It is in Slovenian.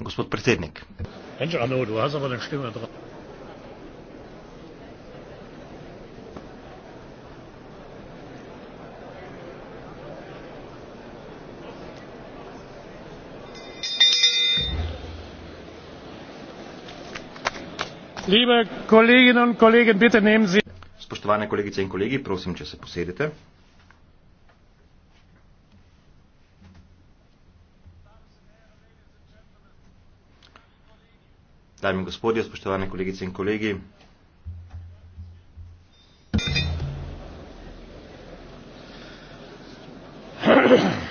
gospod predsednik spoštovane kolegice in kolegi prosim če se posedete gospod predsednik vlade gospod minister Dame in gospodje, spoštovane kolegice in kolegi. Hrv.